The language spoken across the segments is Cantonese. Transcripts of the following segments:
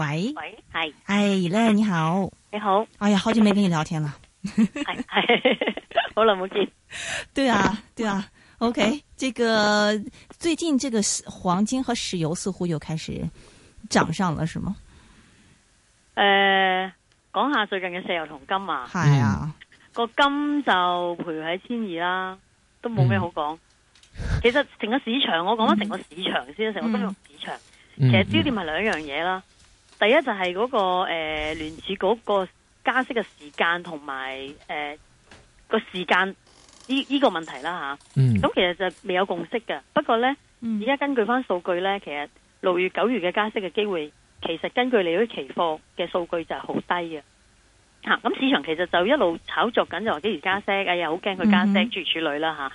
喂喂係，哎玲，你好你好，哎呀好久未跟你聊天啦。係係，好耐冇見。對啊對啊 OK 呢個最近這個黃金和石油似乎又開始漲上了是嗎？誒講下最近嘅石油同金啊，係啊個金就徘徊喺千二啦，都冇咩好講。其實成個市場，我講咗成個市場先，成個金融市場其實焦點係兩樣嘢啦。第一就係嗰、那個誒聯儲嗰個加息嘅時間同埋誒個時間依依個問題啦吓，咁、啊嗯、其實就未有共識嘅。不過咧，而家、嗯、根據翻數據咧，其實六月九月嘅加息嘅機會，其實根據你啲期貨嘅數據就係好低嘅。吓、啊，咁市場其實就一路炒作緊，就話幾時加息，哎呀，好驚佢加息，諸如此類啦吓。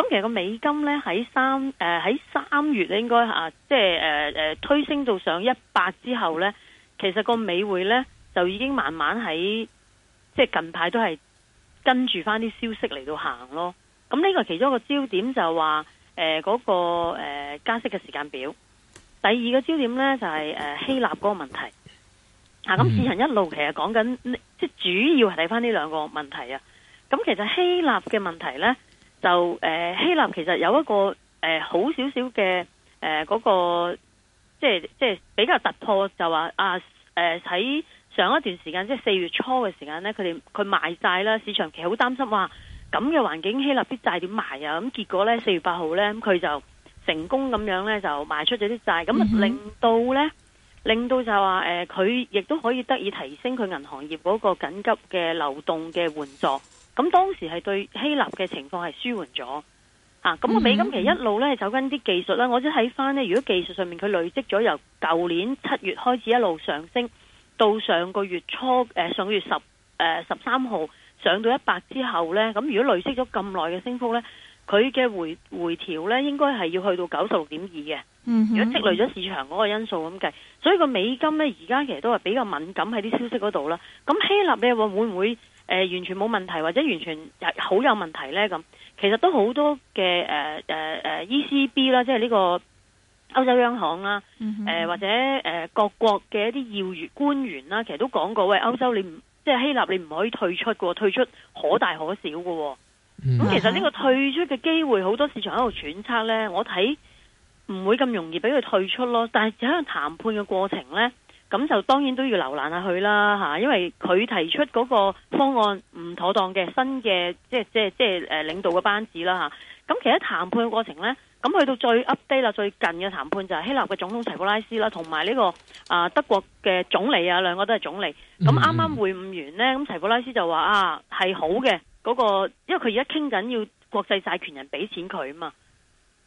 咁、啊嗯、其實個美金咧喺三誒喺、呃、三月咧，應該、啊、即係誒誒推升到上一百之後咧。其實個美匯呢，就已經慢慢喺即係近排都係跟住翻啲消息嚟到行咯。咁、嗯、呢、這個其中一個焦點就話誒嗰個誒、呃、加息嘅時間表。第二個焦點呢就係、是、誒、呃、希臘嗰、嗯嗯、個問題。吓咁市場一路其實講緊即係主要係睇翻呢兩個問題啊。咁其實希臘嘅問題呢，就誒、呃、希臘其實有一個誒、呃、好少少嘅誒嗰個。即係即係比較突破就話啊，誒、呃、喺上一段時間即係四月初嘅時間呢，佢哋佢賣債啦，市場其實好擔心話咁嘅環境希臘啲債點賣啊，咁結果呢，四月八號呢，佢就成功咁樣呢，就賣出咗啲債，咁、嗯、哼令到呢，令到就話誒佢亦都可以得以提升佢銀行業嗰個緊急嘅流動嘅援助，咁當時係對希臘嘅情況係舒緩咗。啊，咁個美金其實一路咧、嗯、哼走緊啲技術啦，我即係睇翻呢，如果技術上面佢累積咗由舊年七月開始一路上升，到上個月初，誒、呃、上個月十誒十三號上到一百之後呢，咁如果累積咗咁耐嘅升幅呢，佢嘅回回調呢應該係要去到九十六點二嘅。嗯、哼如果積累咗市場嗰個因素咁計，所以個美金呢而家其實都係比較敏感喺啲消息嗰度啦。咁希臘你會唔會誒、呃、完全冇問題，或者完全好有問題呢？咁？其實都好多嘅誒誒誒 ECB 啦，uh, uh, EC B, 即係呢個歐洲央行啦，誒、mm hmm. 呃、或者誒、uh, 各國嘅一啲要員官員啦，其實都講過，喂，歐洲你唔即係希臘你唔可以退出嘅，退出可大可小嘅。咁、mm hmm. 其實呢個退出嘅機會，好多市場喺度揣測咧，我睇唔會咁容易俾佢退出咯。但係喺度談判嘅過程咧。咁就當然都要瀏覽下佢啦，因為佢提出嗰個方案唔妥當嘅新嘅即係即係即係、呃、領導嘅班子啦嚇。咁其實談判嘅過程咧，咁去到最 update 啦，最近嘅談判就係希臘嘅總統齊普拉斯啦，同埋呢個啊、呃、德國嘅總理啊，兩個都係總理。咁啱啱會晤完咧，咁齊普拉斯就話啊係好嘅嗰、嗰個，因為佢而家傾緊要國際債權人俾錢佢啊嘛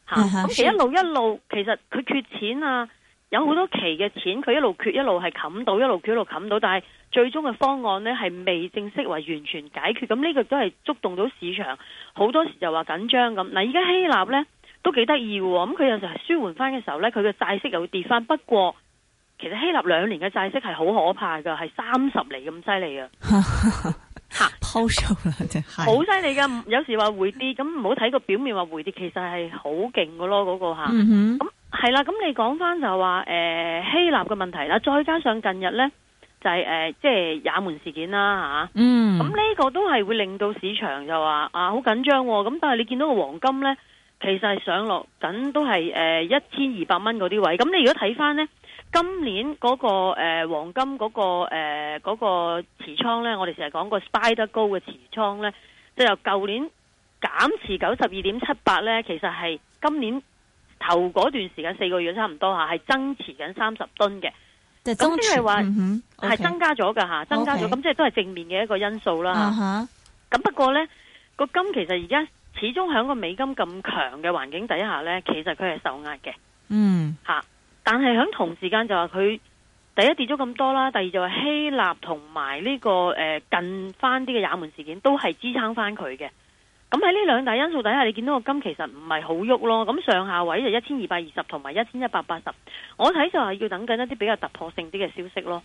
嚇。咁其實、uh huh. 一路一路其實佢缺錢啊。有好多期嘅錢，佢一路缺一路係冚到，一路缺一路冚到，但係最終嘅方案呢，係未正式為完全解決，咁呢個都係觸動到市場，好多時就話緊張咁。嗱，而家希臘呢，都幾得意嘅，咁佢有時係舒緩翻嘅時候呢，佢嘅債息又會跌翻。不過其實希臘兩年嘅債息係好可怕噶，係三十厘咁犀利嘅吓，拋售好犀利嘅。有時話回跌，咁唔好睇個表面話回跌，其實係好勁嘅咯，嗰、嗰個吓。啊嗯哼啊係啦，咁你講翻就話誒、呃、希臘嘅問題啦，再加上近日呢，就係誒即係也門事件啦吓，啊、嗯，咁呢個都係會令到市場就話啊好緊張，咁、哦、但係你見到個黃金呢，其實係上落緊都係誒一千二百蚊嗰啲位，咁你如果睇翻呢，今年嗰、那個誒、呃、黃金嗰、那個誒嗰、呃那個持倉呢，我哋成日講個 SPDR Gold 嘅持倉呢，就由、是、舊年減持九十二點七八呢，其實係今年。頭嗰段時間四個月差唔多吓，係增持緊三十噸嘅。咁即係話係增加咗噶吓，增加咗，咁即係都係正面嘅一個因素啦咁、uh huh. 不過呢個金其實而家始終喺個美金咁強嘅環境底下呢，其實佢係受壓嘅。嗯吓，但係響同時間就話佢第一跌咗咁多啦，第二就話希臘同埋呢個誒近翻啲嘅也門事件都係支撐翻佢嘅。咁喺呢兩大因素底下，你見到個金其實唔係好喐咯。咁上下位 1, 1, 180, 就一千二百二十同埋一千一百八十，我睇就係要等緊一啲比較突破性啲嘅消息咯。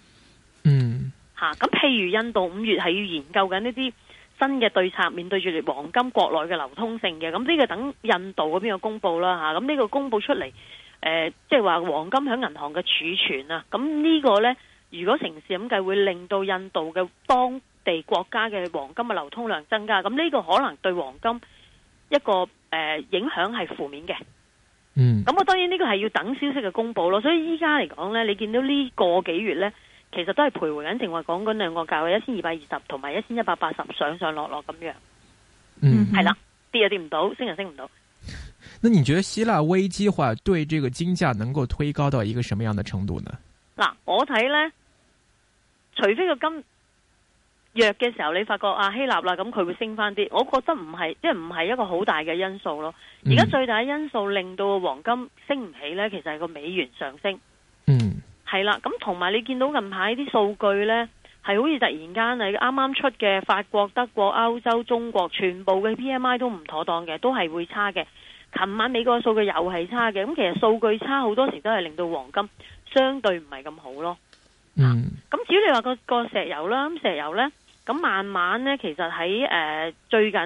嗯，咁、啊、譬如印度五月係要研究緊呢啲新嘅對策，面對住黃金國內嘅流通性嘅，咁呢個等印度嗰邊嘅公佈啦吓。咁呢個公佈出嚟，誒，即係話黃金喺銀行嘅儲存啊，咁呢個呢，如果城市咁計，會令到印度嘅當。地國家嘅黃金嘅流通量增加，咁呢個可能對黃金一個誒、呃、影響係負面嘅。嗯，咁我當然呢個係要等消息嘅公佈咯。所以依家嚟講呢，你見到呢個幾月呢，其實都係徘徊緊，淨話講緊兩個價位一千二百二十同埋一千一百八十上上落落咁樣。嗯，係啦，跌又跌唔到，升又升唔到。那你覺得希臘危機話對這個金價能夠推高到一個什麼樣的程度呢？嗱、啊，我睇呢，除非個金。弱嘅時候你發覺啊希臘啦，咁佢會升翻啲，我覺得唔係，即係唔係一個好大嘅因素咯。而家、嗯、最大嘅因素令到黃金升唔起呢，其實係個美元上升。嗯，係啦，咁同埋你見到近排啲數據呢，係好似突然間你啱啱出嘅法國、德國、歐洲、中國全部嘅 PMI 都唔妥當嘅，都係會差嘅。琴晚美國嘅數據又係差嘅，咁其實數據差好多時都係令到黃金相對唔係咁好咯。咁、嗯啊、至於你話個石油啦，咁石油呢？咁慢慢呢，其實喺誒、呃、最近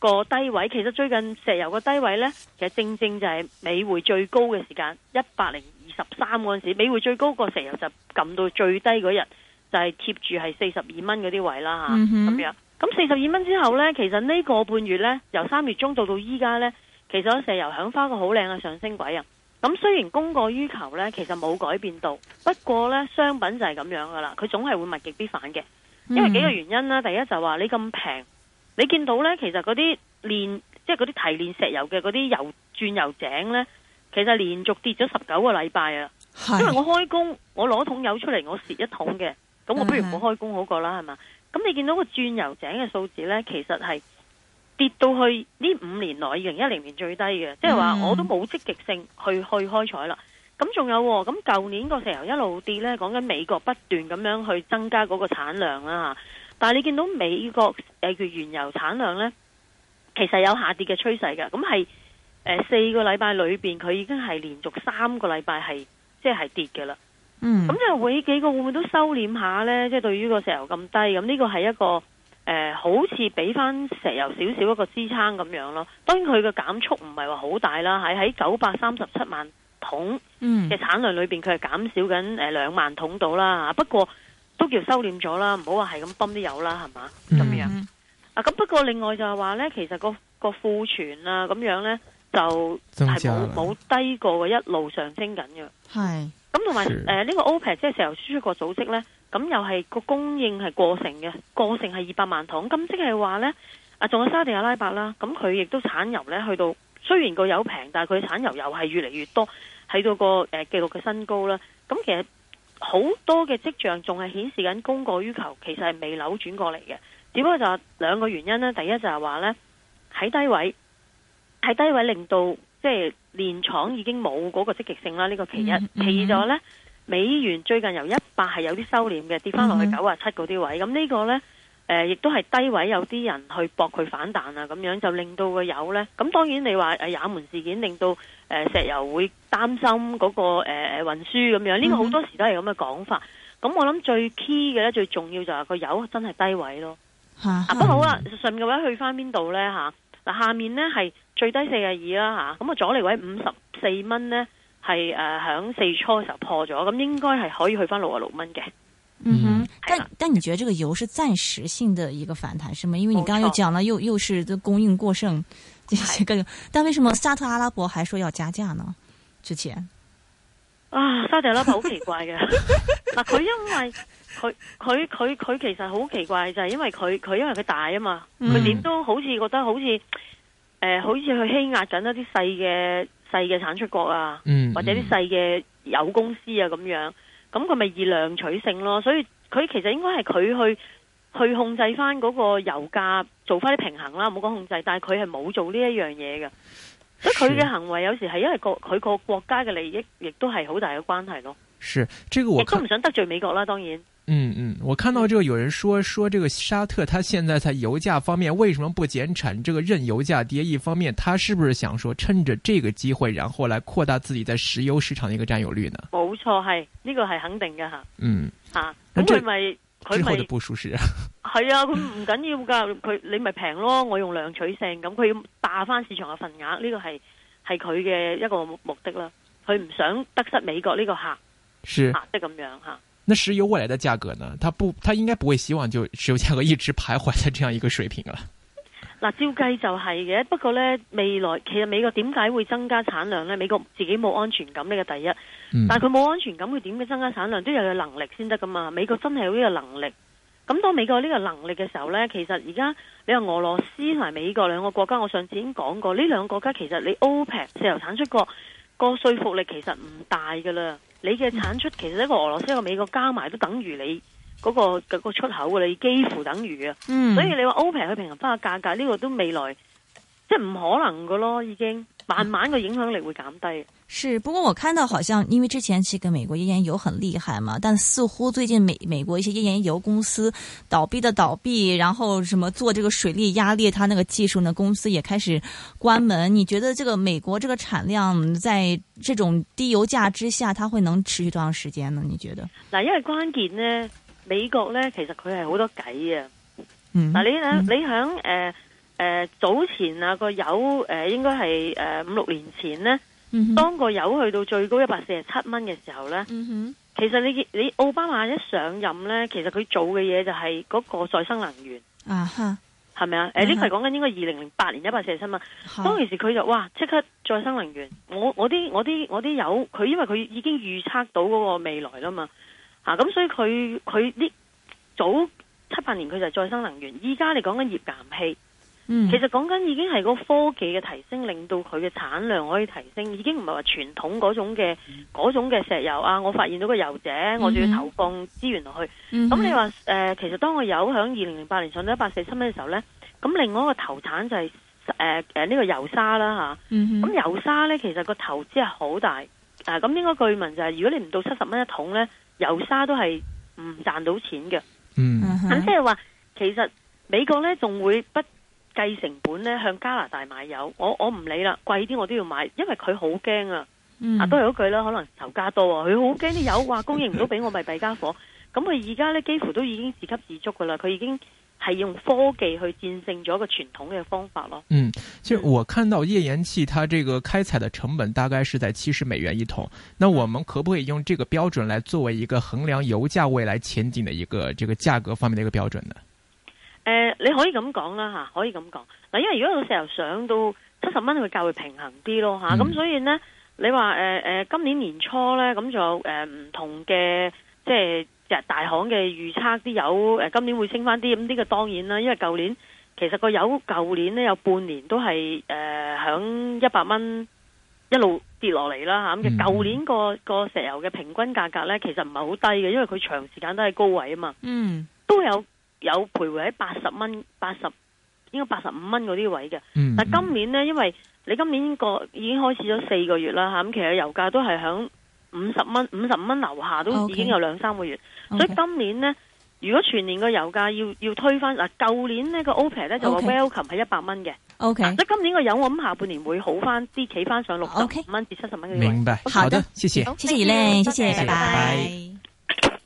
個低位，其實最近石油個低位呢，其實正正就係美匯最高嘅時間，一百零二十三嗰陣時，美匯最高個石油就撳到最低嗰日，就係貼住係四十二蚊嗰啲位啦吓，咁、嗯、哼樣。咁四十二蚊之後呢，其實呢個半月呢，由三月中到到依家呢，其實石油響花個好靚嘅上升軌啊。咁雖然供過於求呢，其實冇改變到，不過呢，商品就係咁樣噶啦，佢總係會物極必反嘅。因為幾個原因啦，第一就話你咁平，你見到呢，其實嗰啲煉，即係嗰啲提煉石油嘅嗰啲油鑽油井呢，其實連續跌咗十九個禮拜啊。是因為我開工，我攞桶油出嚟，我蝕一桶嘅，咁我不如唔好開工好過啦，係嘛的？咁你見到個鑽油井嘅數字呢，其實係跌到去呢五年內二零一零年最低嘅，即係話我都冇積極性去去開採啦。咁仲有，咁舊年個石油一路跌呢，講緊美國不斷咁樣去增加嗰個產量啦。但係你見到美國誒原油產量呢，其實有下跌嘅趨勢嘅。咁係四個禮拜裏面，佢已經係連續三個禮拜係即係跌嘅啦。嗯。咁即係尾幾個會唔會都收斂下呢？即係對於個石油咁低，咁呢個係一個誒、呃、好似俾翻石油少少一個支撐咁樣咯。當然佢嘅減速唔係話好大啦，係喺九百三十七萬桶嘅、嗯、產量裏邊，佢係減少緊誒兩萬桶度啦，不過都叫收斂咗啦，唔好話係咁泵啲油啦，係嘛？咁樣、嗯、啊。咁不過另外就係話咧，其實、個個庫存啊，咁樣咧，就係冇冇低過嘅，一路上升緊嘅。係咁同埋誒呢個 OPEC 即係石油輸出國組織咧，咁又係個供應係過剩嘅，過剩係二百萬桶。咁即係話咧啊，仲有沙地阿拉伯啦，咁佢亦都產油咧去到雖然個油平，但係佢產油又係越嚟越多。睇到個誒、呃、記錄嘅新高啦，咁其實好多嘅跡象仲係顯示緊供過於求，其實係未扭轉過嚟嘅。只不過就係兩個原因咧，第一就係話呢，喺低位，喺低位令到即係煉廠已經冇嗰個積極性啦。呢、呢個其一。其二就係話咧，美元最近由一百係有啲收斂嘅，跌翻落去九啊七嗰啲位。咁呢、嗯、個呢，呃、亦都係低位有啲人去博佢反彈啊，咁樣就令到個油呢。咁當然你話誒、呃、也門事件令到。誒，石油會擔心嗰、那個誒誒運輸咁樣，呢、這個好多時都係咁嘅講法。咁、嗯、哼我諗最 key 嘅咧，最重要就係個油真係低位咯。吓、啊，啊，不過好啦，上面位去翻邊度咧吓？嗱、啊，下面咧係最低四十二啦吓，咁啊阻力位五十四蚊咧係誒響四月初嘅時候破咗，咁應該係可以去翻六十六蚊嘅。嗯哼，但、啊、但你覺得呢個油是暫時性的一個反彈是嗎？因為你剛剛又講啦，又錯又是供應過剩。但為什麼沙特阿拉伯還說要加價呢？之前啊，沙特阿拉伯好奇怪嘅，嗱佢 因為佢佢佢佢其實好奇怪就係因為佢佢因為佢大啊嘛，佢點、嗯、都好似覺得好似誒、呃、好似去欺壓緊一啲細嘅細嘅產出國啊，嗯嗯或者啲細嘅油公司啊咁樣，咁佢咪以量取勝咯，所以佢其實應該係佢去。去控制翻嗰個油價，做翻啲平衡啦。冇講控制，但係佢係冇做呢一樣嘢嘅。是所以佢嘅行為有時係因為佢個國家嘅利益，亦都係好大嘅關係咯。是，這個，我亦都唔想得罪美國啦，當然。嗯嗯，我看到這個有人說，說這個沙特，他現在在油價方面為什麼不減產？這個任油價跌，一方面，他是不是想說，趁着這個機會，然後來擴大自己在石油市場的一個佔有率呢？冇錯，係呢、這個係肯定嘅吓，嗯啊。嗯啊，咁佢咪？之後嘅部署是，佢係係啊，佢唔緊要噶，佢你咪平咯，我用量取勝咁，佢要霸翻市場嘅份額，呢個係係佢嘅一個目的啦。佢唔想得失美國呢個客，吓的咁樣吓。那石油未來的價格呢？他不，他應該不會希望就石油價格一直徘徊在這樣一個水平啦。嗱，照計就係嘅，不過呢，未來其實美國點解會增加產量呢？美國自己冇安全感呢、呢個第一，但佢冇安全感，佢點樣增加產量都要有能力先得噶嘛。美國真係有呢個能力，咁當美國呢個能力嘅時候呢，其實而家你話俄羅斯同埋美國兩個國家，我上次已經講過，呢兩個國家其實你 OPEC 石油產出國個説服力其實唔大噶啦，你嘅產出其實一個俄羅斯一個美國加埋都等於你。嗰、那個那個出口嘅你幾乎等於啊，嗯、所以你話歐佩克去平衡翻個價格呢、這個都未來即係唔可能嘅咯，已經慢慢個影響力會減低。是不過我看到好像因為之前其實美國頁岩油很厲害嘛，但似乎最近美美國一些頁岩油公司倒閉的倒閉，然後什麼做這個水力壓裂。它那個技術呢，公司也開始關門。你覺得這個美國這個產量在這種低油價之下，它會能持續多長時間呢？你覺得嗱，因為關鍵呢？美國咧，其實佢係好多計、嗯、啊！嗱，嗯、你響你響誒誒早前啊個油誒、呃，應該係誒五六年前咧，嗯、哼當個油去到最高一百四十七蚊嘅時候咧，嗯、哼其實你你奧巴馬一上任咧，其實佢做嘅嘢就係嗰個再生能源啊，係咪啊？誒呢個係講緊應該二零零八年一百四十七蚊，啊、哈當其時佢就哇即刻再生能源，我我啲我啲我啲油，佢因為佢已經預測到嗰個未來啦嘛。嗱，咁、啊、所以佢佢啲早七八年佢就係再生能源，依家你講緊頁岩氣，嗯、其實講緊已經係個科技嘅提升，令到佢嘅產量可以提升，已經唔係話傳統嗰種嘅嗰種嘅石油啊。我發現到個油井，我就要投放資源落去。咁、嗯嗯、你話誒、呃，其實當我油響二零零八年上到一百四十七蚊嘅時候呢，咁另外一個投產就係誒誒呢個油砂啦吓。咁、啊嗯、油砂呢，其實個投資係好大，咁、呃、應該據聞就係、是、如果你唔到七十蚊一桶呢。油砂都係唔賺到錢嘅，咁、mm hmm. 即係話，其實美國呢仲會不計成本呢向加拿大買油，我我唔理啦，貴啲我都要買，因為佢好驚啊，mm hmm. 啊都係嗰句啦，可能家油價多啊，佢好驚啲油話供應唔到俾我，咪弊家伙，咁佢而家呢幾乎都已經自給自足噶啦，佢已經。係用科技去戰勝咗一個傳統嘅方法咯。嗯，其實我看到頁岩氣，它這個開採的成本大概是在七十美元一桶。那我們可不可以用這個標準來作為一個衡量油價未來前景的一個這個價格方面的一個標準呢？誒、呃，你可以咁講啦吓，可以咁講。嗱，因為如果有時候上到七十蚊，元會較為平衡啲咯吓。咁、啊嗯、所以呢，你話誒誒，今年年初呢，咁、呃、就誒唔同嘅即係。大行嘅預測啲油誒、呃，今年會升翻啲，咁呢個當然啦，因為舊年其實個油舊年呢有半年都係誒響一百蚊一路跌落嚟啦吓，咁嘅舊年個個石油嘅平均價格呢，其實唔係好低嘅，因為佢長時間都係高位啊嘛，嗯，都有有徘徊喺八十蚊，八十，應該八十五蚊嗰啲位嘅，嗯，但今年呢，因為你今年已個已經開始咗四個月啦吓，咁其實油價都係響。五十蚊、五十五蚊樓下都已經有兩三個月，okay, okay, 所以今年呢，如果全年個油價要要推翻嗱，舊、啊、年呢個 OPEC 咧，就話 welcome 係一百蚊嘅，ok，, okay、啊、所以今年個油我諗下半年會好翻啲，企翻上六十蚊至七十蚊嘅位。明白，okay, okay. 好，好的，謝謝，謝謝謝拜。